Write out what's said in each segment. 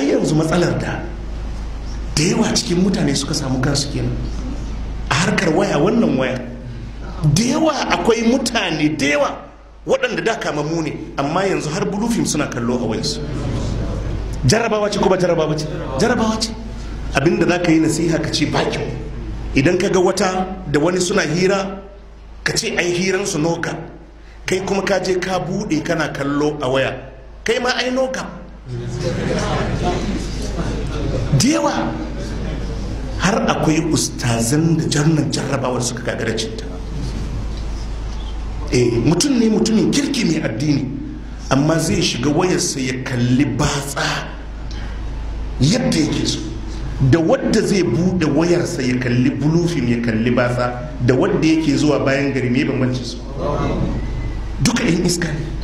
ai yanzu matsalar da da yawa cikin mutane suka samu kansu kenan a harkar waya wannan waya da yawa akwai mutane da yawa waɗanda da kama muni, amma yanzu har bulufin suna kallo a wayansu jarabawa ce kuma jarabawa ce jarabawa ce abinda za ka yi nasiha ka ce bakin idan ka ga wata da wani suna hira ka ce ai hiran su noka kai kuma ka je ka buɗe kana kallo a waya kai ma ai noka dewa har akwai ustazan da jarnan jarrabawar suka gagara cinta eh mutum ne mutumin kirki mai addini amma zai shiga wayarsa ya kalli batsa yadda yake so da wadda zai bude wayarsa ya kalli bulufin ya kalli batsa da wadda yake zuwa bayan gari mai bambancin su duka yan iska ne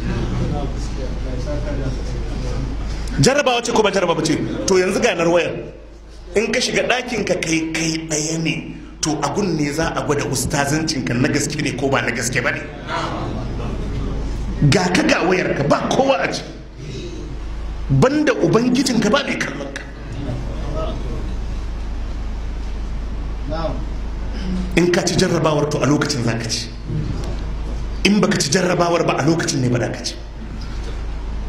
jarabawa ce ko ba jarabawa ce to yanzu ganar wayar in ka shiga ɗakin ka kai kai ɗaya ne to abun ne za a gwada ustazancinka na gaske ne ko ba na gaske ba ne ga ka ga wayar ka ba kowa a ci banda ubangijin ka ba mai kallon ka in ka ci jarrabawar to a lokacin za ka ci in baka ci jarrabawar ba a lokacin ne ba da ka ci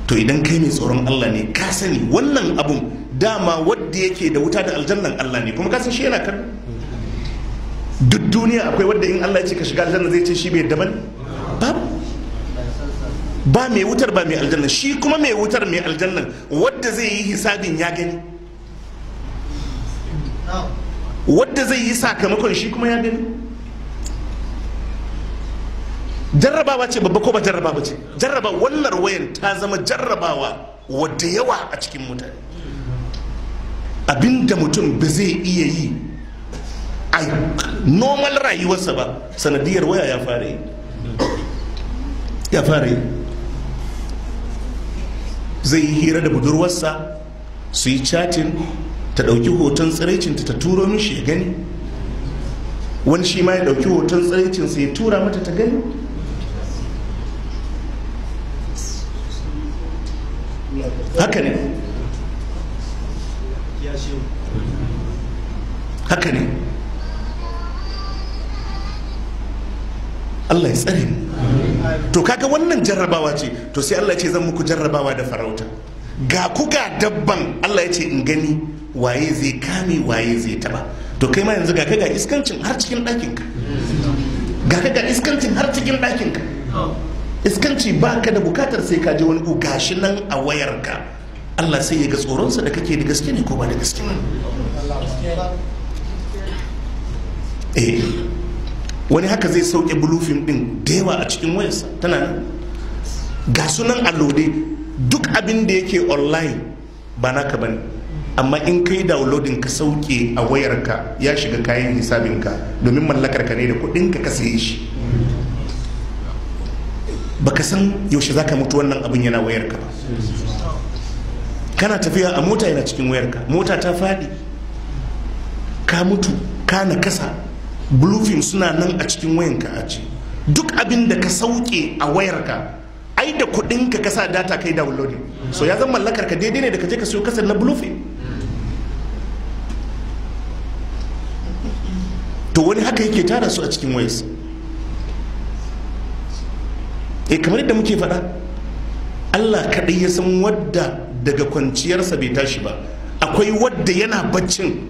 to idan kai mai tsoron Allah ne ka sani wannan abun dama wadda yake da wuta da aljannan Allah ne kuma ka san shi yana kan duk duniya akwai wadda in Allah ya ce ka shiga aljanna zai ce shi bai daban ba ba mai wutar ba mai aljanna shi kuma mai wutar mai aljanna wadda zai yi hisabin ya gani wadda zai yi sakamakon shi kuma ya gani jarrabawa ce babba ko ba jarrabawa ce jarraba wallar wayan ta zama jarrabawa wadda yawa a cikin mutane abinda mutum ba zai iya yi a normal rayuwarsa ba sanadiyar waya ya fara yi ya fara yi zai yi hira da budurwarsa su yi chatin ta ɗauki hoton tsiraicinta ta turo mishi ya gani wani shi ma ya ɗauki hoton tsiraicinsa ya tura mata ta gani haka ne haka ne Allah ya tsare to kaga wannan jarrabawa ce to sai Allah ya ce zan muku jarrabawa da farauta ga ku ga dabban Allah ya ce in gani waye zai kame waye zai taba to kai ma yanzu ga ga iskancin har cikin ɗakinka ga ga iskancin har cikin ɗakinka iskanci ba ka da bukatar sai ka je wani gashi nan a wayarka allah sai ya ga tsoronsa da kake da gaske ne ko ba da gaske ne eh, wani haka zai sauke bulufin din da yawa a cikin wayarsa tana nan ga sunan allode duk abin da yake online ba naka bane amma in kai downloadin ka sauke a wayarka ya shiga kayan hisabinka domin mallakar ka ne da ka ka saye shi baka san yaushe zaka mutu wannan abin yana wayarka ba kana tafiya a mota yana cikin wayarka mota ta faɗi ka mutu ka na kasa bluefin suna nan a cikin wayanka a ce duk abin da ka sauke a wayarka ai da kuɗin ka kasa data kai downloading so ya zama mallakar ka daidai ne da ka je ka siyo kasar na bluefin to wani haka yake tara su a cikin wayarsa E kamar yadda muke faɗa Allah kaɗai ya san wadda daga kwanciyarsa bai tashi ba akwai wadda yana baccin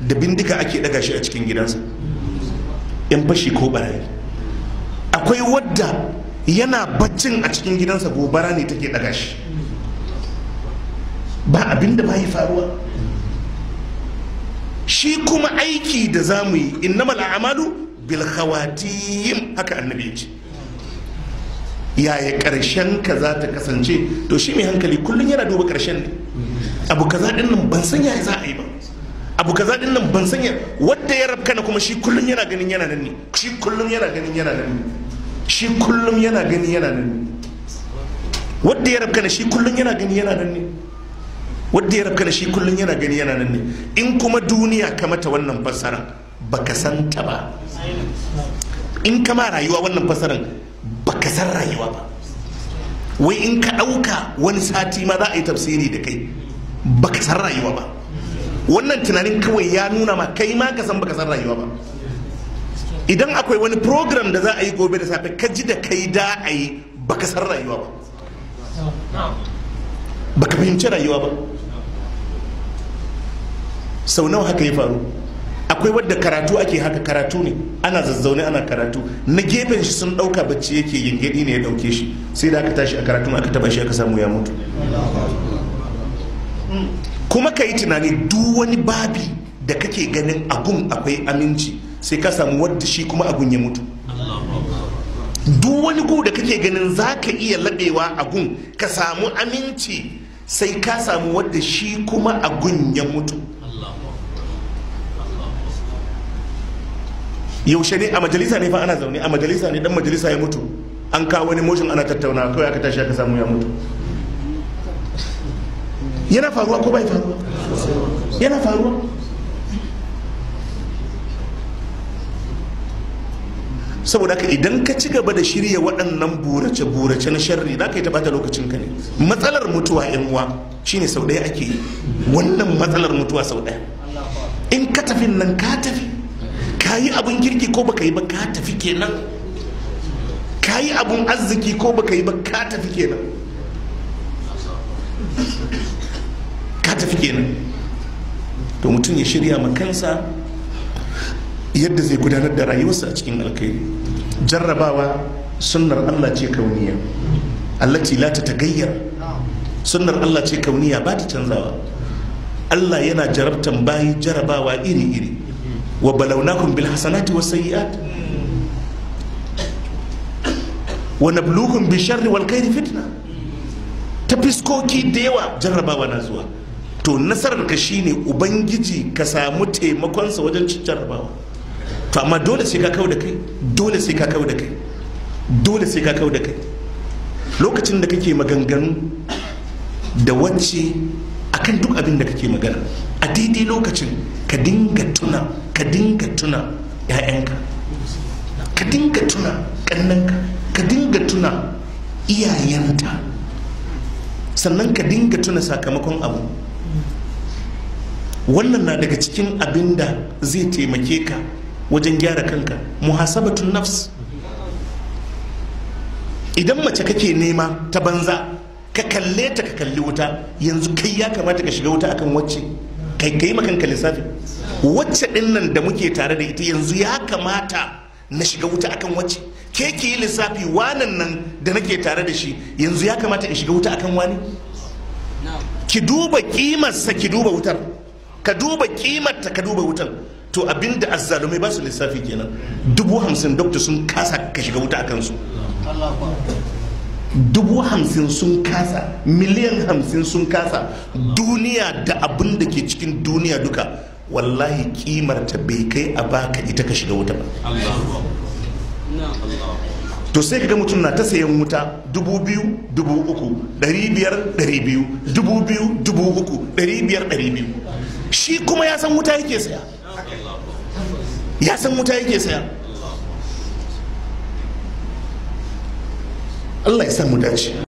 da bindiga ake ɗaga shi a cikin gidansa yan fashi ko barayi akwai wadda yana baccin a cikin gidansa gobara ne take ɗaga shi ba abin da ba yi faruwa shi kuma aiki da za mu yi innamal a'malu bil khawatiyim haka annabi ya ce yaya karshen ka za ta kasance to shi mai hankali kullum yana duba karshen ne abu kaza din nan ban san yaya za a yi ba abu kaza din nan ban san wanda ya rabka na kuma shi kullum yana ganin yana nan ne shi kullum yana ganin yana nan ne shi kullum yana ganin yana nan ne wanda ya rabka na shi kullum yana ganin yana nan ne wanda ya rabka na shi kullum yana gani yana nan ne in kuma duniya ka mata wannan fassara baka san ta ba in kama rayuwa wannan fassaran baka san rayuwa ba wai in ka ɗauka wani sati ma za a yi tafsiri da kai baka san rayuwa ba wannan tunanin kawai ya nuna ma kai ma ka san baka san rayuwa ba idan akwai wani program da za a yi gobe da safe ka ji da kai da a yi baka san rayuwa ba baka fahimci rayuwa ba sau nawa haka ya faru akwai wadda karatu ake haka karatu ne ana zazzaune ana karatu na gefen shi sun dauka bacci yake gingedi ne ya dauke shi sai da aka tashi a karatu aka taba shi aka samu ya mutu kuma ka yi tunani duk wani babi da kake ganin abun akwai aminci sai ka samu wadda shi kuma abun ya mutu duk wani gu da kake ganin za ka iya labewa agun ka samu aminci sai ka samu wadda shi kuma agun ya mutu yaushe ne a majalisa ne fa ana zaune a majalisa ne dan majalisa ya mutu an kawo wani motion ana tattauna kawai aka tashi aka samu ya mutu yana faruwa ko bai faruwa yana faruwa saboda ka idan ka ci gaba da shirya waɗannan burace-burace na sharri za ka yi taɓata lokacin ka ne matsalar mutuwa yan uwa shine sau ɗaya ake yi wannan matsalar mutuwa sau ɗaya in ka tafi nan ka tafi ka yi abin kirki ko baka yi ba ka tafi kenan ka yi abin arziki ko baka yi ba ka tafi kenan ka tafi kenan to mutum ya shirya ma kansa yadda zai gudanar da rayuwarsa a cikin alkai jarrabawa sunnar allah ce kauniya ce lati ta gayyar sunnar allah ce kauniya ba ta canzawa allah yana jarabtan bayi jarabawa iri-iri wa balawnakum bil hasanati was sayyi'at wa nabluhum bi sharri wal khairi fitna ta fiskoki da yawa jarrabawa na zuwa to nasarar ka shine ubangiji ka samu sa wajen cin jarrabawa to amma dole sai ka kawo da kai dole sai ka kawo da kai dole sai ka kawo da kai lokacin da kake maganganu da wacce akan duk abin da kake magana a daidai lokacin ka dinga tuna ka dinga tuna ‘ya'yanka ka dinga tuna ƙannanka ka dinga tuna iyayenta sannan ka dinga tuna sakamakon abu wannan na daga cikin abin da zai taimake ka wajen gyara kanka muhasabatun nafs idan mace kake nema ta banza ka kalle ta ka kalli wuta yanzu kai ya kamata ka shiga wuta akan wacce kai kai makanka lissafi wacce din da muke tare da ita yanzu ya kamata na shiga wuta akan wacce ke ke yi lissafi wanan nan da nake tare da shi yanzu ya kamata in shiga wuta akan wani ki duba kimarsa ki duba wutar ka duba kimarta ka duba wutar to abinda azzalumai ba su lissafi kenan dubu hamsin dokta sun kasa ka shiga wuta akan su dubu hamsin sun kasa miliyan hamsin sun kasa duniya da abin da ke cikin duniya duka wallahi ta bai kai a baka ita ka shiga wuta ba to sai kaga mutum na ta sayan wuta dubu biyu dubu uku dari biyar dari biyu dubu biyu dubu uku dari biyar dari biyu shi kuma ya san wuta yake saya ya san wuta yake saya Allah ya samu dace